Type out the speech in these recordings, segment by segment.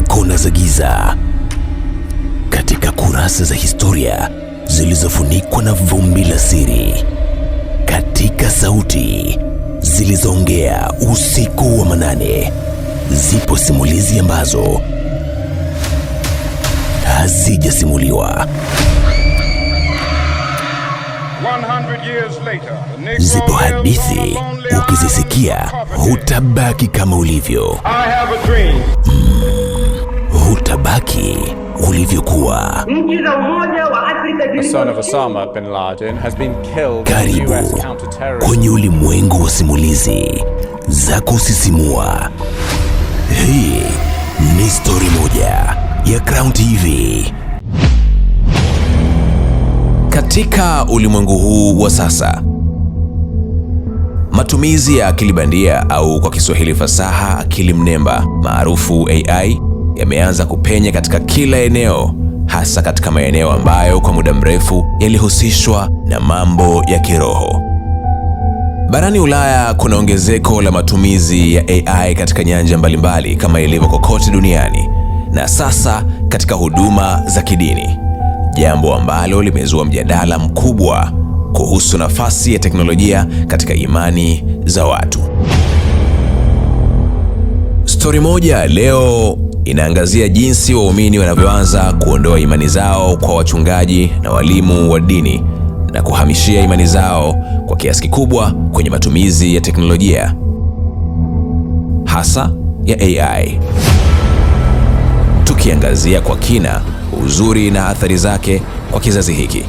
katika kona za giza, katika kurasa za historia zilizofunikwa na vumbi la siri, katika sauti zilizoongea usiku wa manane, zipo simulizi ambazo hazijasimuliwa. Zipo hadithi ukizisikia hutabaki kama ulivyo ilivyokuwa. Nchi za Umoja wa Afrika karibu kwenye ulimwengu wa simulizi za kusisimua. Hii ni stori moja ya Crown TV. Katika ulimwengu huu wa sasa, matumizi ya akili bandia au kwa Kiswahili fasaha akili mnemba maarufu AI yameanza kupenya katika kila eneo, hasa katika maeneo ambayo kwa muda mrefu yalihusishwa na mambo ya kiroho. Barani Ulaya kuna ongezeko la matumizi ya AI katika nyanja mbalimbali kama ilivyo kokote duniani, na sasa katika huduma za kidini, jambo ambalo limezua mjadala mkubwa kuhusu nafasi ya teknolojia katika imani za watu. Stori moja leo inaangazia jinsi waumini wanavyoanza kuondoa imani zao kwa wachungaji na walimu wa dini na kuhamishia imani zao kwa kiasi kikubwa kwenye matumizi ya teknolojia hasa ya AI. Tukiangazia kwa kina uzuri na athari zake kwa kizazi hiki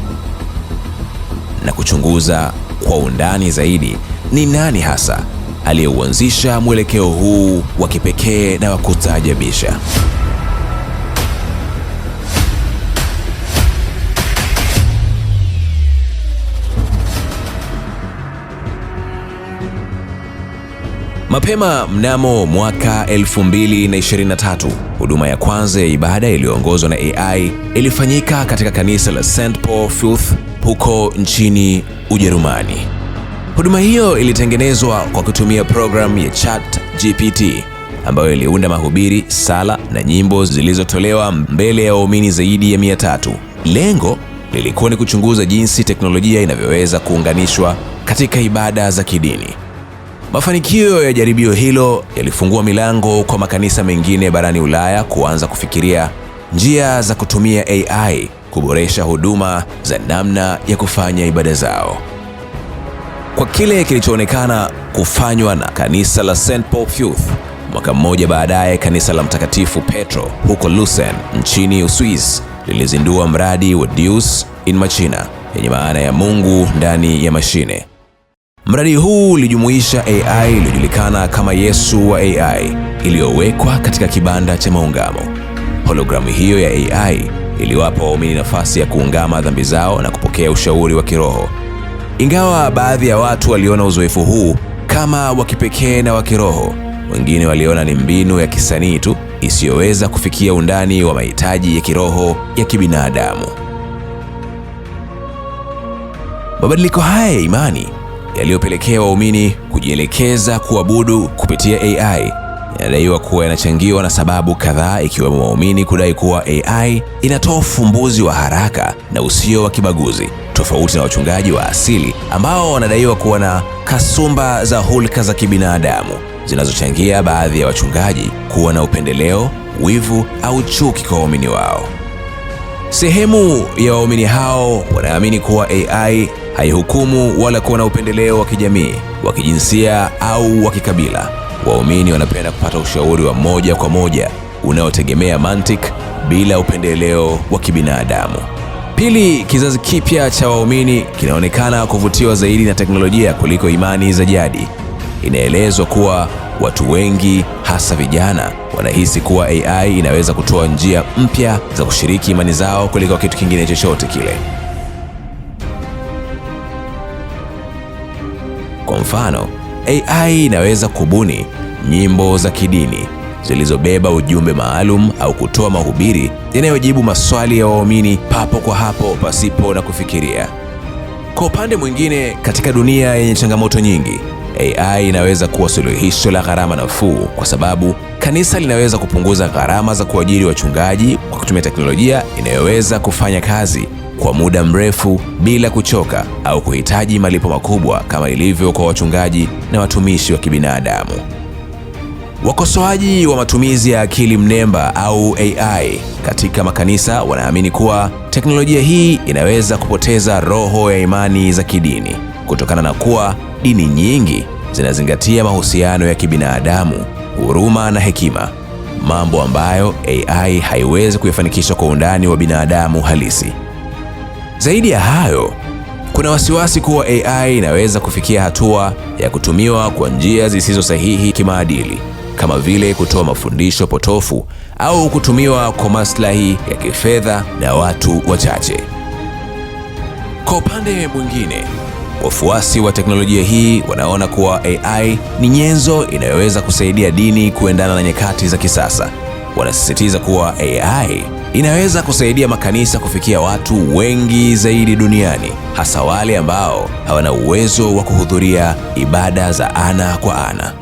na kuchunguza kwa undani zaidi ni nani hasa aliyeuanzisha mwelekeo huu wa kipekee na wa kutaajabisha. Mapema mnamo mwaka 2023, huduma ya kwanza ya ibada iliyoongozwa na AI ilifanyika katika kanisa la St Paul Fürth huko nchini Ujerumani. Huduma hiyo ilitengenezwa kwa kutumia programu ya ChatGPT ambayo iliunda mahubiri, sala na nyimbo zilizotolewa mbele ya waumini zaidi ya mia tatu. Lengo lilikuwa ni kuchunguza jinsi teknolojia inavyoweza kuunganishwa katika ibada za kidini. Mafanikio ya jaribio hilo yalifungua milango kwa makanisa mengine barani Ulaya kuanza kufikiria njia za kutumia AI kuboresha huduma za namna ya kufanya ibada zao kwa kile kilichoonekana kufanywa na kanisa la St. Paul Youth. Mwaka mmoja baadaye, kanisa la Mtakatifu Petro huko lusen nchini uswis lilizindua mradi wa Deus in Machina yenye maana ya Mungu ndani ya mashine. Mradi huu ulijumuisha AI iliyojulikana kama Yesu wa AI iliyowekwa katika kibanda cha maungamo. Hologramu hiyo ya AI iliwapa waumini nafasi ya kuungama dhambi zao na kupokea ushauri wa kiroho ingawa baadhi ya watu waliona uzoefu huu kama wa kipekee na wa kiroho, wengine waliona ni mbinu ya kisanii tu isiyoweza kufikia undani wa mahitaji ya kiroho ya kibinadamu. Mabadiliko haya ya imani yaliyopelekea waumini kujielekeza kuabudu kupitia AI yanadaiwa kuwa yanachangiwa na sababu kadhaa, ikiwemo waumini kudai kuwa AI inatoa ufumbuzi wa haraka na usio wa kibaguzi, tofauti na wachungaji wa asili ambao wanadaiwa kuwa na kasumba za hulka za kibinadamu zinazochangia baadhi ya wachungaji kuwa na upendeleo, wivu au chuki kwa waumini wao. Sehemu ya waumini hao wanaamini kuwa AI haihukumu wala kuwa na upendeleo wa kijamii, wa kijinsia au wa kikabila waumini wanapenda kupata ushauri wa moja kwa moja unaotegemea mantik bila upendeleo wa kibinadamu. Pili, kizazi kipya cha waumini kinaonekana kuvutiwa zaidi na teknolojia kuliko imani za jadi. Inaelezwa kuwa watu wengi hasa vijana wanahisi kuwa AI inaweza kutoa njia mpya za kushiriki imani zao kuliko kitu kingine chochote kile. Kwa mfano, AI inaweza kubuni nyimbo za kidini zilizobeba ujumbe maalum au kutoa mahubiri yanayojibu maswali ya waumini papo kwa hapo pasipo na kufikiria. Kwa upande mwingine, katika dunia yenye changamoto nyingi, AI inaweza kuwa suluhisho la gharama nafuu kwa sababu Kanisa linaweza kupunguza gharama za kuajiri wachungaji kwa kutumia teknolojia inayoweza kufanya kazi kwa muda mrefu bila kuchoka au kuhitaji malipo makubwa kama ilivyo kwa wachungaji na watumishi wa kibinadamu. Wakosoaji wa matumizi ya akili mnemba au AI katika makanisa wanaamini kuwa teknolojia hii inaweza kupoteza roho ya imani za kidini kutokana na kuwa dini nyingi zinazingatia mahusiano ya kibinadamu huruma na hekima, mambo ambayo AI haiwezi kuyafanikisha kwa undani wa binadamu halisi. Zaidi ya hayo, kuna wasiwasi kuwa AI inaweza kufikia hatua ya kutumiwa kwa njia zisizo sahihi kimaadili, kama vile kutoa mafundisho potofu au kutumiwa kwa maslahi ya kifedha na watu wachache. Kwa upande mwingine Wafuasi wa teknolojia hii wanaona kuwa AI ni nyenzo inayoweza kusaidia dini kuendana na nyakati za kisasa. Wanasisitiza kuwa AI inaweza kusaidia makanisa kufikia watu wengi zaidi duniani, hasa wale ambao hawana uwezo wa kuhudhuria ibada za ana kwa ana.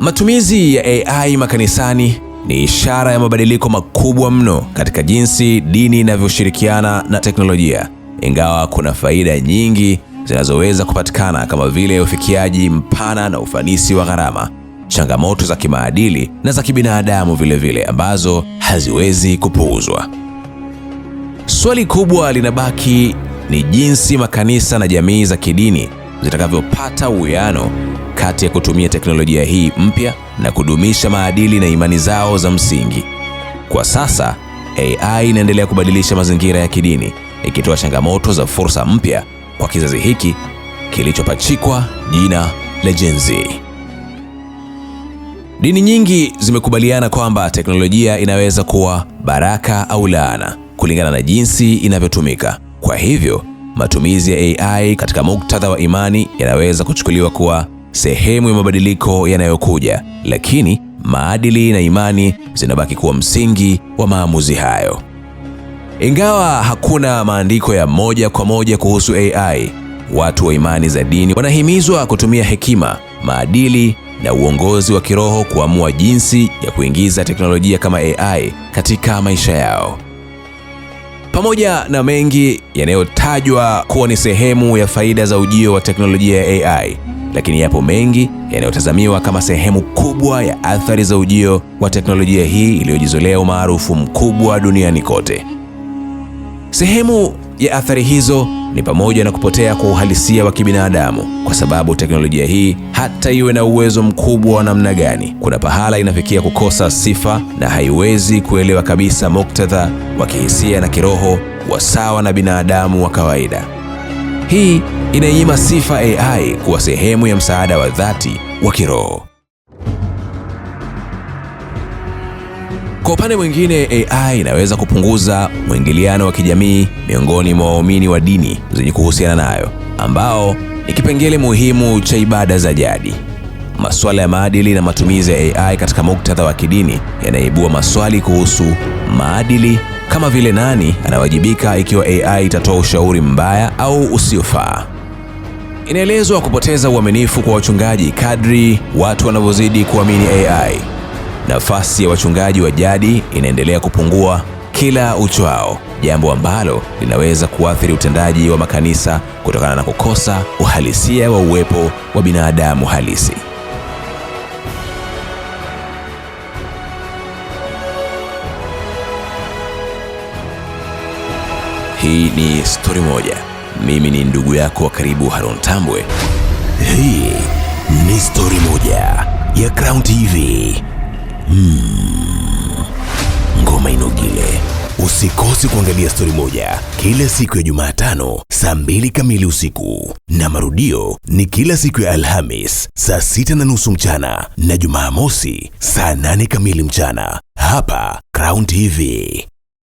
Matumizi ya AI makanisani ni ishara ya mabadiliko makubwa mno katika jinsi dini inavyoshirikiana na teknolojia. Ingawa kuna faida nyingi zinazoweza kupatikana kama vile ufikiaji mpana na ufanisi wa gharama, changamoto za kimaadili na za kibinadamu vile vile ambazo haziwezi kupuuzwa. Swali kubwa linabaki ni jinsi makanisa na jamii za kidini zitakavyopata uwiano kati ya kutumia teknolojia hii mpya na kudumisha maadili na imani zao za msingi. Kwa sasa AI inaendelea kubadilisha mazingira ya kidini, ikitoa changamoto za fursa mpya kwa kizazi hiki kilichopachikwa jina la Gen Z. Dini nyingi zimekubaliana kwamba teknolojia inaweza kuwa baraka au laana kulingana na jinsi inavyotumika. Kwa hivyo, matumizi ya AI katika muktadha wa imani yanaweza kuchukuliwa kuwa sehemu ya mabadiliko yanayokuja, lakini maadili na imani zinabaki kuwa msingi wa maamuzi hayo. Ingawa hakuna maandiko ya moja kwa moja kuhusu AI, watu wa imani za dini wanahimizwa kutumia hekima, maadili na uongozi wa kiroho kuamua jinsi ya kuingiza teknolojia kama AI katika maisha yao. Pamoja na mengi yanayotajwa kuwa ni sehemu ya faida za ujio wa teknolojia ya AI, lakini yapo mengi yanayotazamiwa kama sehemu kubwa ya athari za ujio wa teknolojia hii iliyojizolea umaarufu mkubwa duniani kote. Sehemu ya athari hizo ni pamoja na kupotea kwa uhalisia wa kibinadamu, kwa sababu teknolojia hii hata iwe na uwezo mkubwa wa namna gani, kuna pahala inafikia kukosa sifa na haiwezi kuelewa kabisa muktadha wa kihisia na kiroho wa sawa na binadamu wa kawaida. Hii inainyima sifa AI kuwa sehemu ya msaada wa dhati wa kiroho. Kwa upande mwingine, AI inaweza kupunguza mwingiliano wa kijamii miongoni mwa waumini wa dini zenye kuhusiana nayo, ambao ni kipengele muhimu cha ibada za jadi. Masuala ya maadili na matumizi ya AI katika muktadha wa kidini yanaibua maswali kuhusu maadili kama vile nani anawajibika ikiwa AI itatoa ushauri mbaya au usiofaa. Inaelezwa kupoteza uaminifu kwa wachungaji kadri watu wanavyozidi kuamini AI nafasi ya wachungaji wa jadi inaendelea kupungua kila uchwao, jambo ambalo linaweza kuathiri utendaji wa makanisa kutokana na kukosa uhalisia wa uwepo wa binadamu halisi. Hii ni stori moja. Mimi ni ndugu yako wa karibu Haron Tambwe. Hii ni stori moja ya Crown TV. Hmm. Ngoma Inogile. Usikose kuangalia stori moja kila siku ya Jumatano saa mbili kamili usiku na marudio ni kila siku ya Alhamis saa sita na nusu mchana na Jumamosi saa nane kamili mchana hapa Crown TV.